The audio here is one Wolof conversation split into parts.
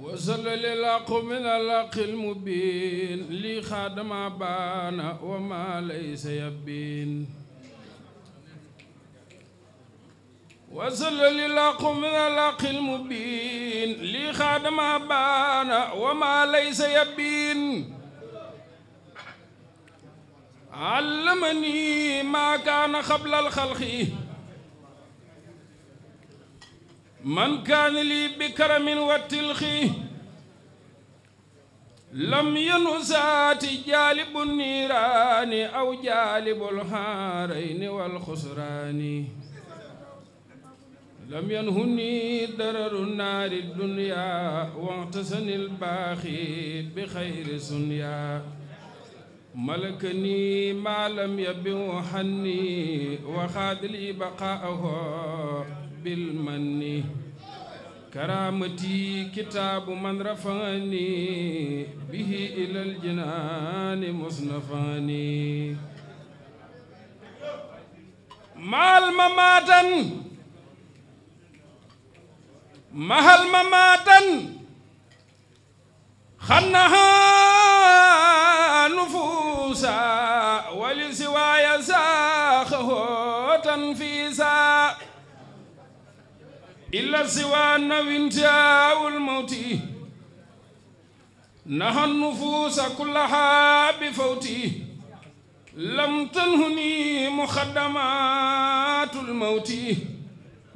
وصل للحق من الحق المبين لي خادم بان وما ليس يبين وصل للحق من الحق المبين لي خادم بان وما ليس يبين علمني ما كان قبل الخلق man kaana lii bi karamin wa tilxi lam yenu saati jaalibu niiraani aw jaalibul xaarayni wal xusraani lam yanhu ni dararu naari dunya waxtasanil baaxi bi xayri sunya malakani maalam yabi waxanni waxaadili baqaaho بالمن كرامتي كتاب من رفعني به إلى الجنان مصنفاني مال مماتا مهل مماتا خنها نفوسا ولسواي ساخه تنفيسا إلا سوان وانتهاء الموت نهى النفوس كلها بفوتي لم تنهني مخدمات الموت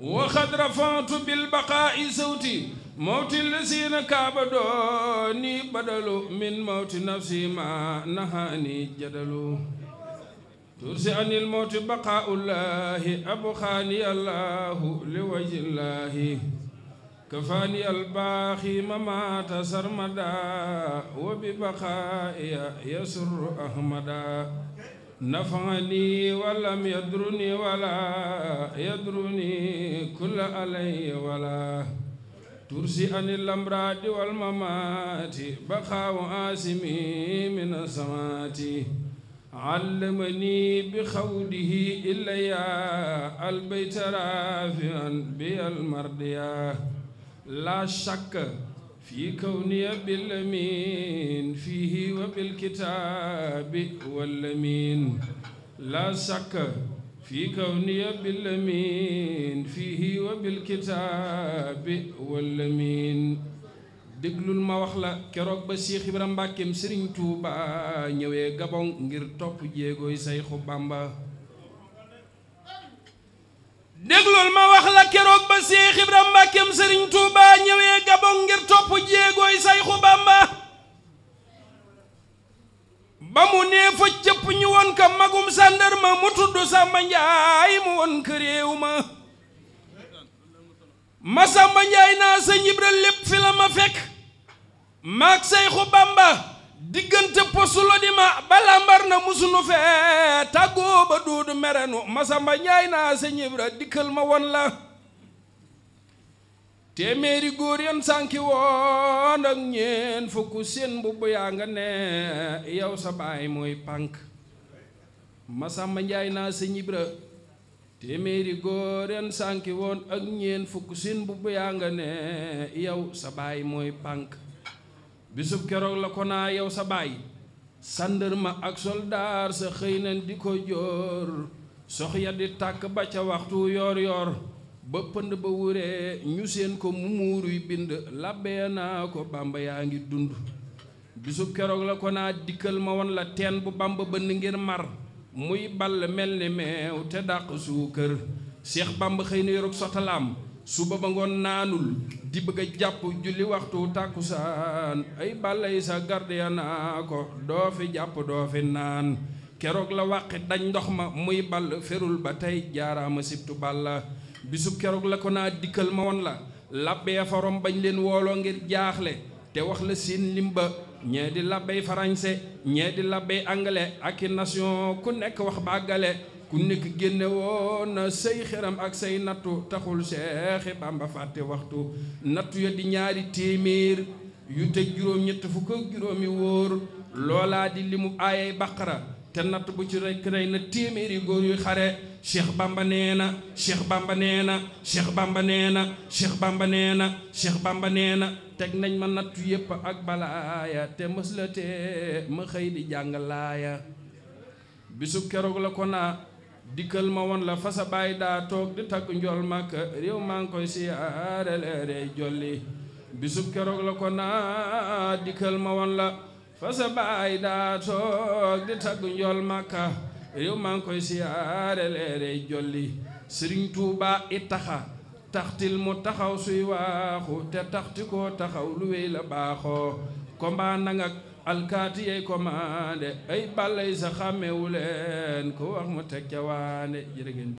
وقد رفعت بالبقاء صوتي موت الذين كابدوني بدل من موت نفسي ما نهاني جدلو tursi anil mawti baqaa'ullaahi abxaani allahu li wajillaahi kafaani albaaxi mamaata sarmada wa bi baqaa'iya yasurru ahmada nafaani walam yadruni wala yadruni kulla alayhi wala tursi anil amraadi wal mamaati baqaa'u aasimi min asamaati علمني بخوله إليا البيت رافعا بي المرديا لا شك في كوني بالأمين فيه وبالكتاب واللمين لا شك في كوني بالأمين فيه وبالكتاب واللمين déglul ma wax la keroog ba Cheikh Ibra Mbàkkeem Sëriñ Tuuba ñëwee Gabon ngir topp jéegooy Sayxu Bàmba ba mu nee fa cëpp ñu won ka magum sàndarma mu tudd Sàmba Njaay mu won ka réew ma Masamba Njaay naa sa njibra lépp fi la ma fekk maag Seyxu Bamba diggante posulo di ma balambar na musunu fee tàggoo ba duudu merenu Masamba Njaay naa sa ñibra dikkal ma won la téeméeri góor yan sànki woon ak ñeen fukk seen mbubb yaa nga ne yow sa baay mooy pànk Masamba Njaay naa sa woon ak ñeen fukk seen sa baay mooy pànk bisub keroog la ko naa yow sa baay sàndarma ak soldaar sa xëy nañ di ko joor sox ya di tàkk ba ca waxtu yoor yoor ba pënd ba wuree ñu séen ko mu muuruy bind làbbee naa ko bàmba yaa ngi dund bisub keroog la ko naa dikkal ma won la teen bu bàmba bënn ngir mar muy bal mel ni meew te dàq suukër seex bàmba xëy na yorug sotalaam suba ba ngoon naanul di bëgg a jàpp julli waxtu tàkkusaan ay bàllay sa garde ya naa ko doo fi jàpp doo fi naan keroog la wàqi dañ ndox ma muy ball ferul ba tey jaaraama sibtu balla bisub keroog la ko naa dikkal ma woon la labbee forom bañ leen wooloo ngir jaaxle te wax la seen limba ñee di labbey farañse ñee di labbey angale ak i nation ku nekk wax bàggale ku nekk génne woon na say xeram ak say nattu taxul Seex Bamba fàtte waxtu nattu ya di ñaari téeméer yu teg juróom ñett fukk ak juróom wóor loolaa di mu aayay baqara te natt bu ci rekk rey na téeméeri góor yu xare Cheikh Bamba nee na Cheikh Bamba nee na Cheikh Bamba na Cheikh Bamba na Cheikh Bamba nee na teg nañ ma nattu yépp ak balaaya te mës la te ma xëy di jàng laaya bisu keroog la ko naa dikkal ma woon la fa sa baay daa toog di tagg njool màkk réew maa ngi koy siyaare leerey jolli bisub keroog la ko naa dikkal ma woon la fa sa baay daa toog di tagg njool màkka réew maa ngi koy siyaare leerey jolli sëriñ tuubaa i taxa taxtil mu taxaw suy waaxu te taxti koo taxaw lu wéy la baaxoo komba nangak alkaati yey commandé ay ballay sa xàmmewuleen ku wax mu teg ca waande jërëgéen